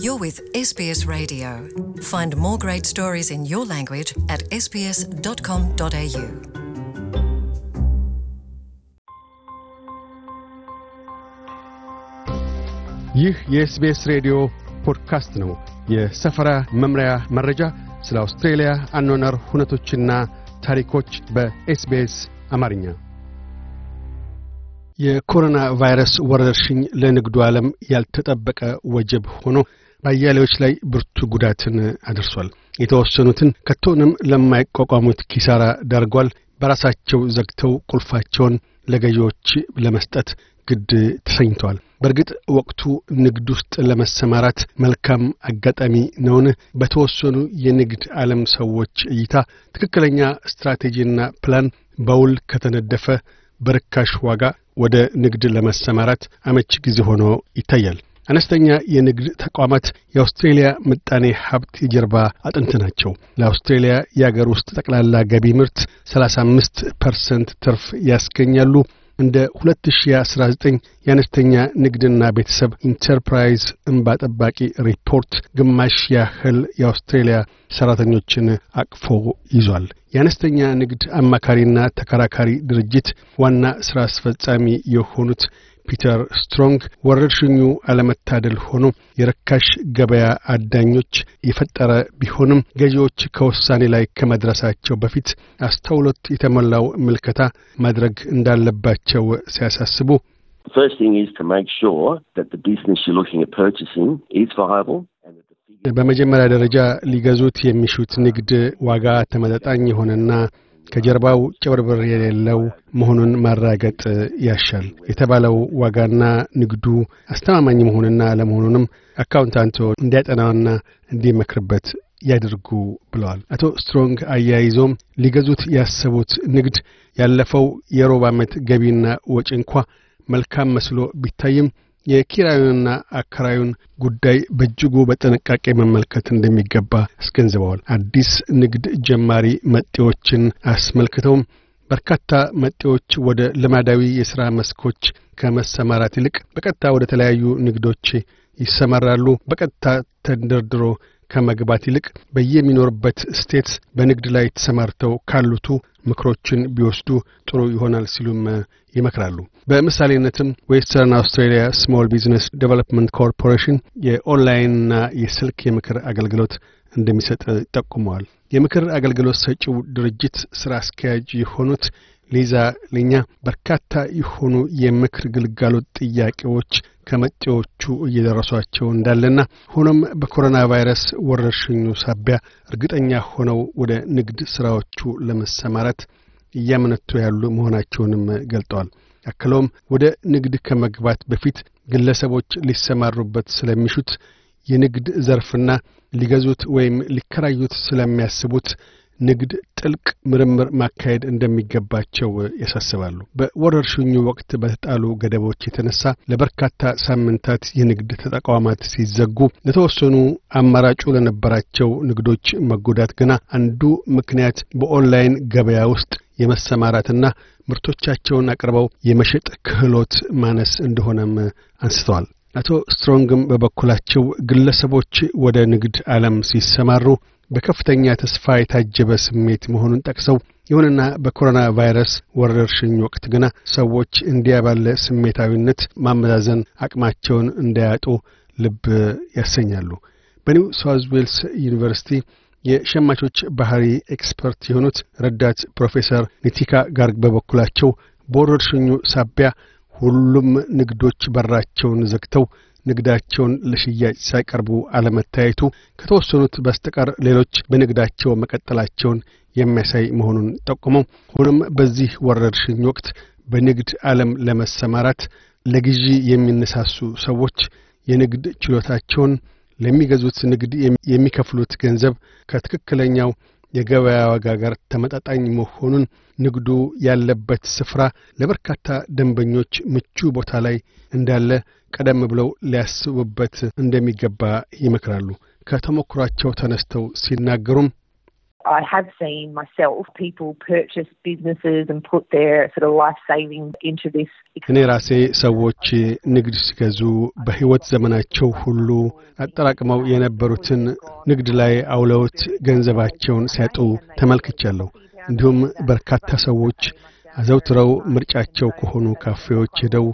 You're with SBS Radio. Find more great stories in your language at sbs.com.au. ይህ የኤስቤስ ሬዲዮ ፖድካስት ነው። የሰፈራ መምሪያ መረጃ፣ ስለ አውስትሬልያ አኗኗር ሁነቶችና ታሪኮች በኤስቤስ አማርኛ የኮሮና ቫይረስ ወረርሽኝ ለንግዱ ዓለም ያልተጠበቀ ወጀብ ሆኖ በአያሌዎች ላይ ብርቱ ጉዳትን አድርሷል። የተወሰኑትን ከቶንም ለማይቋቋሙት ኪሳራ ዳርጓል። በራሳቸው ዘግተው ቁልፋቸውን ለገዢዎች ለመስጠት ግድ ተሰኝተዋል። በእርግጥ ወቅቱ ንግድ ውስጥ ለመሰማራት መልካም አጋጣሚ ነውን? በተወሰኑ የንግድ ዓለም ሰዎች እይታ ትክክለኛ ስትራቴጂና ፕላን በውል ከተነደፈ በርካሽ ዋጋ ወደ ንግድ ለመሰማራት አመቺ ጊዜ ሆኖ ይታያል። አነስተኛ የንግድ ተቋማት የአውስትሬሊያ ምጣኔ ሀብት የጀርባ አጥንት ናቸው። ለአውስትሬሊያ የአገር ውስጥ ጠቅላላ ገቢ ምርት 35 ፐርሰንት ትርፍ ያስገኛሉ። እንደ 2019 የአነስተኛ ንግድና ቤተሰብ ኢንተርፕራይዝ እምባ ጠባቂ ሪፖርት ግማሽ ያህል የአውስትሬሊያ ሠራተኞችን አቅፎ ይዟል። የአነስተኛ ንግድ አማካሪና ተከራካሪ ድርጅት ዋና ሥራ አስፈጻሚ የሆኑት ፒተር ስትሮንግ ወረርሽኙ አለመታደል ሆኖ የረካሽ ገበያ አዳኞች የፈጠረ ቢሆንም ገዢዎች ከውሳኔ ላይ ከመድረሳቸው በፊት አስተውሎት የተሞላው ምልከታ ማድረግ እንዳለባቸው ሲያሳስቡ The first thing is to make sure that the business you're looking at purchasing is viable. በመጀመሪያ ደረጃ ሊገዙት የሚሹት ንግድ ዋጋ ተመጣጣኝ የሆነና ከጀርባው ጭብርብር የሌለው መሆኑን ማራገጥ ያሻል። የተባለው ዋጋና ንግዱ አስተማማኝ መሆንና ለመሆኑንም አካውንታንቶ እንዲያጠናውና እንዲመክርበት ያድርጉ ብለዋል። አቶ ስትሮንግ አያይዞም ሊገዙት ያሰቡት ንግድ ያለፈው የሮብ ዓመት ገቢና ወጪ እንኳ መልካም መስሎ ቢታይም የኪራዩንና አከራዩን ጉዳይ በእጅጉ በጥንቃቄ መመልከት እንደሚገባ አስገንዝበዋል። አዲስ ንግድ ጀማሪ መጤዎችን አስመልክተውም በርካታ መጤዎች ወደ ልማዳዊ የሥራ መስኮች ከመሰማራት ይልቅ በቀጥታ ወደ ተለያዩ ንግዶች ይሰማራሉ። በቀጥታ ተንደርድሮ ከመግባት ይልቅ በየሚኖርበት ስቴትስ በንግድ ላይ ተሰማርተው ካሉቱ ምክሮችን ቢወስዱ ጥሩ ይሆናል ሲሉም ይመክራሉ። በምሳሌነትም ዌስተርን አውስትራሊያ ስሞል ቢዝነስ ዴቨሎፕመንት ኮርፖሬሽን የኦንላይንና የስልክ የምክር አገልግሎት እንደሚሰጥ ጠቁመዋል። የምክር አገልግሎት ሰጪው ድርጅት ስራ አስኪያጅ የሆኑት ሊዛ ልኛ በርካታ የሆኑ የምክር ግልጋሎት ጥያቄዎች ከመጤዎቹ እየደረሷቸው እንዳለና ሆኖም በኮሮና ቫይረስ ወረርሽኙ ሳቢያ እርግጠኛ ሆነው ወደ ንግድ ስራዎቹ ለመሰማራት እያመነቱ ያሉ መሆናቸውንም ገልጠዋል። አክለውም ወደ ንግድ ከመግባት በፊት ግለሰቦች ሊሰማሩበት ስለሚሹት የንግድ ዘርፍና ሊገዙት ወይም ሊከራዩት ስለሚያስቡት ንግድ ጥልቅ ምርምር ማካሄድ እንደሚገባቸው ያሳስባሉ። በወረርሽኙ ወቅት በተጣሉ ገደቦች የተነሳ ለበርካታ ሳምንታት የንግድ ተቋማት ሲዘጉ፣ ለተወሰኑ አማራጩ ለነበራቸው ንግዶች መጎዳት ገና አንዱ ምክንያት በኦንላይን ገበያ ውስጥ የመሰማራትና ምርቶቻቸውን አቅርበው የመሸጥ ክህሎት ማነስ እንደሆነም አንስተዋል። አቶ ስትሮንግም በበኩላቸው ግለሰቦች ወደ ንግድ ዓለም ሲሰማሩ በከፍተኛ ተስፋ የታጀበ ስሜት መሆኑን ጠቅሰው ይሁንና በኮሮና ቫይረስ ወረርሽኝ ወቅት ግና ሰዎች እንዲያ ባለ ስሜታዊነት ማመዛዘን አቅማቸውን እንዳያጡ ልብ ያሰኛሉ። በኒው ሳውዝ ዌልስ ዩኒቨርሲቲ የሸማቾች ባህሪ ኤክስፐርት የሆኑት ረዳት ፕሮፌሰር ኒቲካ ጋርግ በበኩላቸው በወረርሽኙ ሳቢያ ሁሉም ንግዶች በራቸውን ዘግተው ንግዳቸውን ለሽያጭ ሳይቀርቡ አለመታየቱ ከተወሰኑት በስተቀር ሌሎች በንግዳቸው መቀጠላቸውን የሚያሳይ መሆኑን ጠቁመው ሆኖም በዚህ ወረርሽኝ ወቅት በንግድ ዓለም ለመሰማራት ለግዢ የሚነሳሱ ሰዎች የንግድ ችሎታቸውን ለሚገዙት ንግድ የሚከፍሉት ገንዘብ ከትክክለኛው የገበያ ዋጋ ጋር ተመጣጣኝ መሆኑን፣ ንግዱ ያለበት ስፍራ ለበርካታ ደንበኞች ምቹ ቦታ ላይ እንዳለ ቀደም ብለው ሊያስቡበት እንደሚገባ ይመክራሉ። ከተሞክሯቸው ተነስተው ሲናገሩም I have seen myself people purchase businesses and put their sort of life savings into this. እኔ ራሴ ሰዎች ንግድ ሲገዙ በህይወት ዘመናቸው ሁሉ አጠራቅመው የነበሩትን ንግድ ላይ አውለውት ገንዘባቸውን ሲያጡ ተመልክቻለሁ። እንዲሁም በርካታ ሰዎች አዘውትረው ምርጫቸው ከሆኑ ካፌዎች ሄደው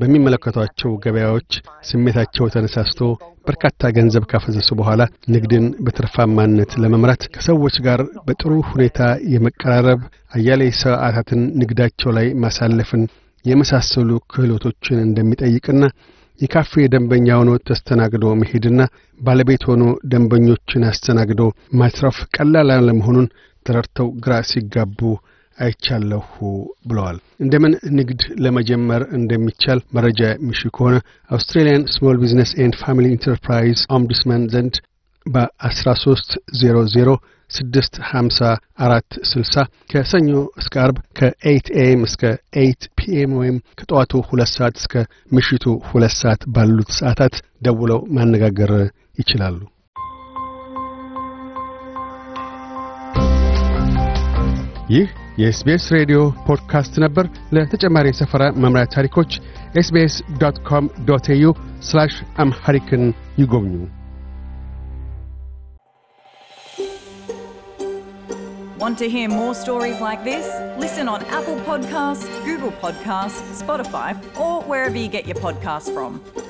በሚመለከቷቸው ገበያዎች ስሜታቸው ተነሳስቶ በርካታ ገንዘብ ካፈዘሱ በኋላ ንግድን በትርፋማነት ለመምራት ከሰዎች ጋር በጥሩ ሁኔታ የመቀራረብ አያሌ ሰዓታትን ንግዳቸው ላይ ማሳለፍን የመሳሰሉ ክህሎቶችን እንደሚጠይቅና የካፌ ደንበኛ ሆኖ ተስተናግዶ መሄድና ባለቤት ሆኖ ደንበኞችን አስተናግዶ ማትረፍ ቀላል አለመሆኑን ተረድተው ግራ ሲጋቡ አይቻለሁ ብለዋል። እንደምን ንግድ ለመጀመር እንደሚቻል መረጃ የሚሹ ከሆነ አውስትራሊያን ስሞል ቢዝነስ ኤንድ ፋሚሊ ኢንተርፕራይዝ ኦምቡድስመን ዘንድ በ1300 654 60 ከሰኞ እስከ አርብ ከ ኤም እስከ 8 ፒኤም ወይም ከጠዋቱ ሁለት ሰዓት እስከ ምሽቱ ሁለት ሰዓት ባሉት ሰዓታት ደውለው ማነጋገር ይችላሉ። ይህ የኤስቢኤስ ሬዲዮ ፖድካስት ነበር። ለተጨማሪ የሰፈራ መምሪያ ታሪኮች ኤስቢኤስ ዶት ኮም ዶት ኤዩ አምሐሪክን ይጎብኙ። Want to hear more stories like this? Listen on Apple Podcasts, Google Podcasts, Spotify, or wherever you get your podcasts from.